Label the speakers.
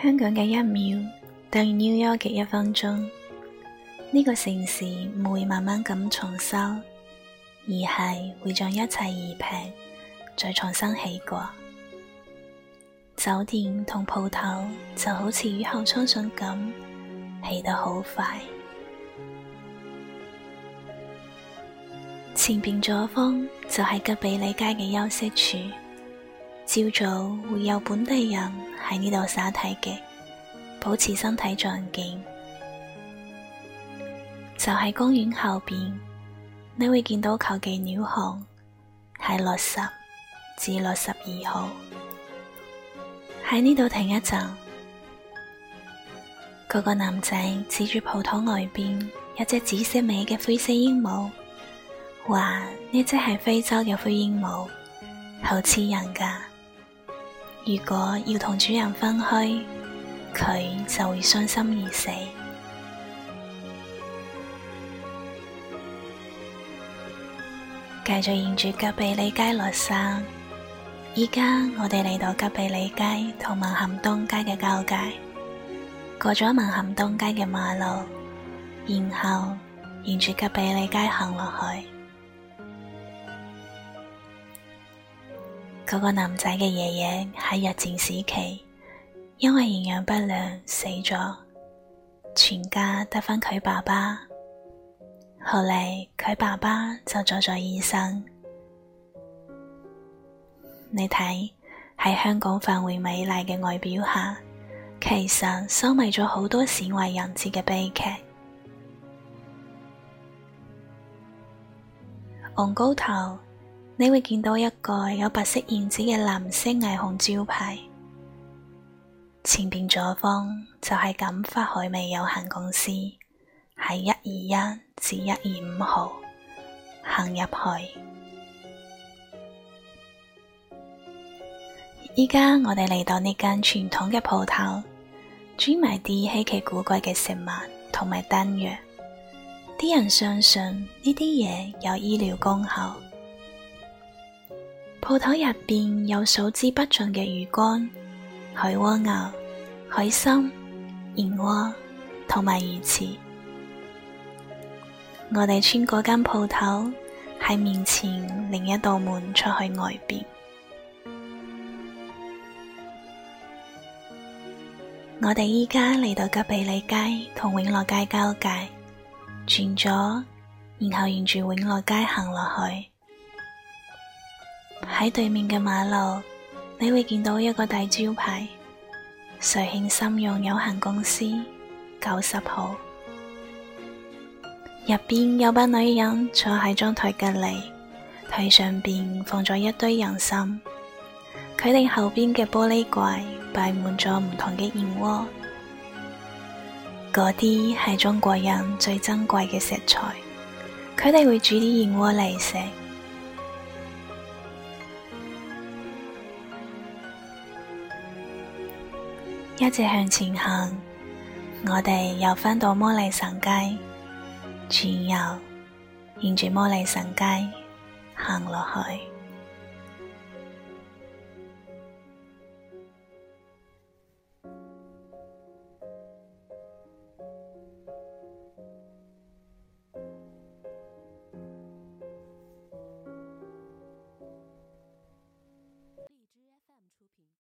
Speaker 1: 香港嘅一秒等於紐約嘅一分鐘，呢個城市唔會慢慢咁重修，而係會將一切移平再重新起過。酒店同鋪頭就好似雨後春笋咁起得好快。前邊左方就係急庇利街嘅休息處。朝早會有本地人喺呢度耍太極，保持身體壯健。就喺公園後邊，你會見到裘記鳥行係六十至六十二號。喺呢度停一陣，嗰個男仔指住鋪頭外邊有隻紫色尾嘅灰色鸚鵡，話呢隻係非洲嘅灰鸚鵡，好黐人噶。如果要同主人分開，佢就會傷心而死。繼續沿住急庇利街落山，依家我哋嚟到急庇利街同文咸東街嘅交界，過咗文咸東街嘅馬路，然後沿住急庇利街行落去。嗰個男仔嘅爺爺喺日戰時期，因為營養不良死咗，全家得返佢爸爸。後嚟佢爸爸就做咗醫生。你睇喺香港繁榮美麗嘅外表下，其實收埋咗好多鮮為人知嘅悲劇。昂高頭。你會見到一個有白色燕子嘅藍色霓虹招牌，前邊左方就係錦發海味有限公司，喺一二一至一二五號，行入去。而家我哋嚟到呢間傳統嘅鋪頭，專賣啲稀奇古怪嘅食物同埋丹藥，啲人相信呢啲嘢有醫療功效。鋪頭入邊有數之不盡嘅魚乾、海蝸牛、海參、燕窩同埋魚翅。我哋穿過間鋪頭，喺面前另一道門出去外邊。我哋而家嚟到急庇利街同永樂街交界，轉左，然後沿住永樂街行落去。喺對面嘅馬路，你會見到一個大招牌：瑞興參茸有限公司九十號。入邊有班女人坐喺張台隔籬，台上邊放咗一堆人參。佢哋後邊嘅玻璃櫃擺滿咗唔同嘅燕窩，嗰啲係中國人最珍貴嘅食材，佢哋會煮啲燕窩嚟食。一直向前行，我哋又返到摩利臣街，轉右，沿住摩利臣街行落去。